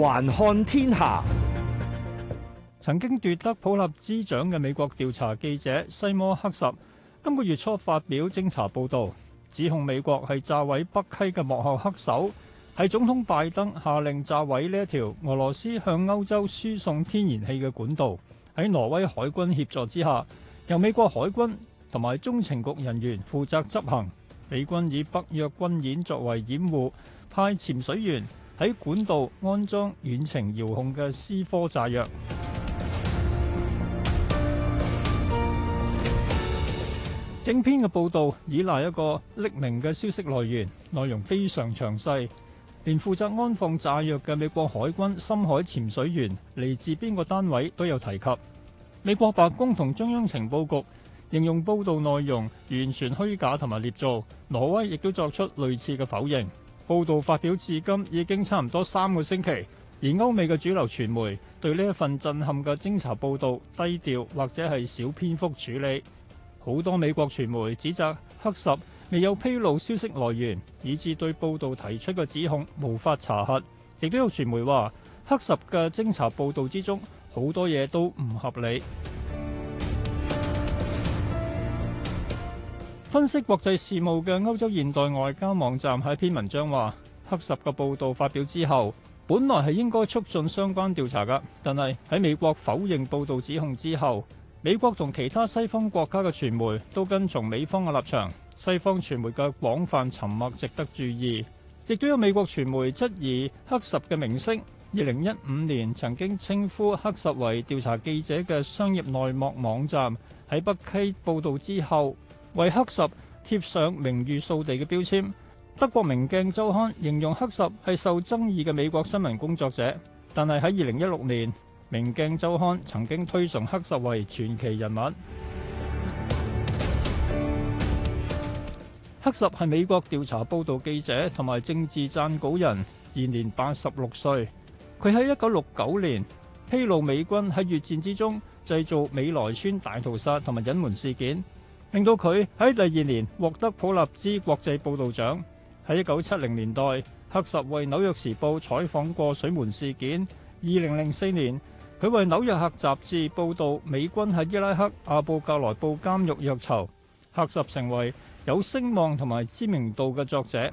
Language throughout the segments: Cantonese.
環看天下，曾經奪得普立茲獎嘅美國調查記者西摩赫什，今個月初發表偵查報道，指控美國係炸毀北溪嘅幕後黑手，係總統拜登下令炸毀呢一條俄羅斯向歐洲輸送天然氣嘅管道，喺挪威海軍協助之下，由美國海軍同埋中情局人員負責執行。美軍以北約軍演作為掩護，派潛水員，喺管道安裝遠程遙控嘅 C4 炸藥，整篇嘅報道依賴一個匿名嘅消息來源，內容非常詳細，連負責安放炸藥嘅美國海軍深海潛水員嚟自邊個單位都有提及。美國白宮同中央情報局形容報道內容完全虛假同埋捏造，挪威亦都作出類似嘅否認。報導發表至今已經差唔多三個星期，而歐美嘅主流傳媒對呢一份震撼嘅偵查報導低調或者係小篇幅處理，好多美國傳媒指責赫什未有披露消息來源，以致對報導提出嘅指控無法查核，亦都有傳媒話赫什嘅偵查報導之中好多嘢都唔合理。分析國際事務嘅歐洲現代外交網站喺一篇文章話：赫什嘅報導發表之後，本來係應該促進相關調查㗎，但係喺美國否認報導指控之後，美國同其他西方國家嘅傳媒都跟從美方嘅立場。西方傳媒嘅廣泛沉默值得注意，亦都有美國傳媒質疑赫什嘅名聲。二零一五年曾經稱呼赫什為調查記者嘅商業內幕網站喺北溪報導之後，為赫什貼上名譽掃地嘅標籤。德國《明鏡周刊》形容赫什係受爭議嘅美國新聞工作者，但係喺二零一六年，《明鏡周刊》曾經推崇赫什為傳奇人物。赫什係美國調查報導記者同埋政治撰稿人，現年八十六歲。佢喺一九六九年披露美軍喺越戰之中製造美萊村大屠殺同埋隱瞞事件。令到佢喺第二年獲得普立茲國際報導獎。喺一九七零年代，赫什為紐約時報採訪過水門事件。二零零四年，佢為紐約客雜誌報導美軍喺伊拉克阿布格萊布監獄虐囚。赫什成為有聲望同埋知名度嘅作者。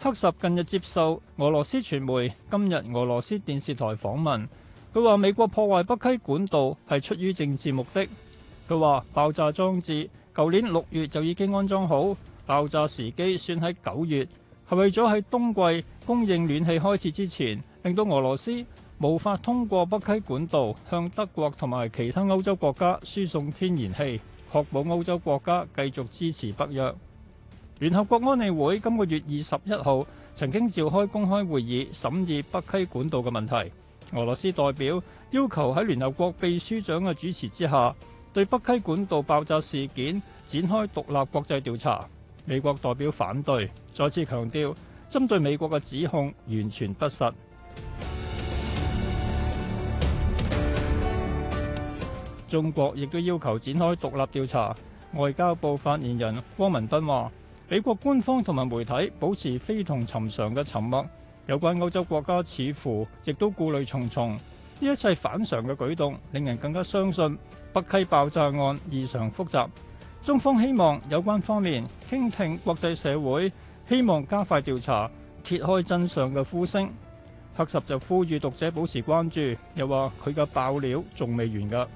赫什近日接受俄羅斯傳媒今日俄羅斯電視台訪問。佢話美國破壞北溪管道係出於政治目的。佢話爆炸裝置舊年六月就已經安裝好，爆炸時機選喺九月，係為咗喺冬季供應暖氣開始之前，令到俄羅斯無法通過北溪管道向德國同埋其他歐洲國家輸送天然氣，確保歐洲國家繼續支持北約。聯合國安理會今個月二十一號曾經召開公開會議審議北溪管道嘅問題。俄羅斯代表要求喺聯合國秘書長嘅主持之下，對北溪管道爆炸事件展開獨立國際調查。美國代表反對，再次強調針對美國嘅指控完全不實。中國亦都要求展開獨立調查。外交部發言人汪文斌話：美國官方同埋媒體保持非同尋常嘅沉默。有關歐洲國家似乎亦都顧慮重重，呢一切反常嘅舉動，令人更加相信北溪爆炸案異常複雜。中方希望有關方面傾聽國際社會，希望加快調查，揭開真相嘅呼聲。赫什就呼籲讀者保持關注，又話佢嘅爆料仲未完㗎。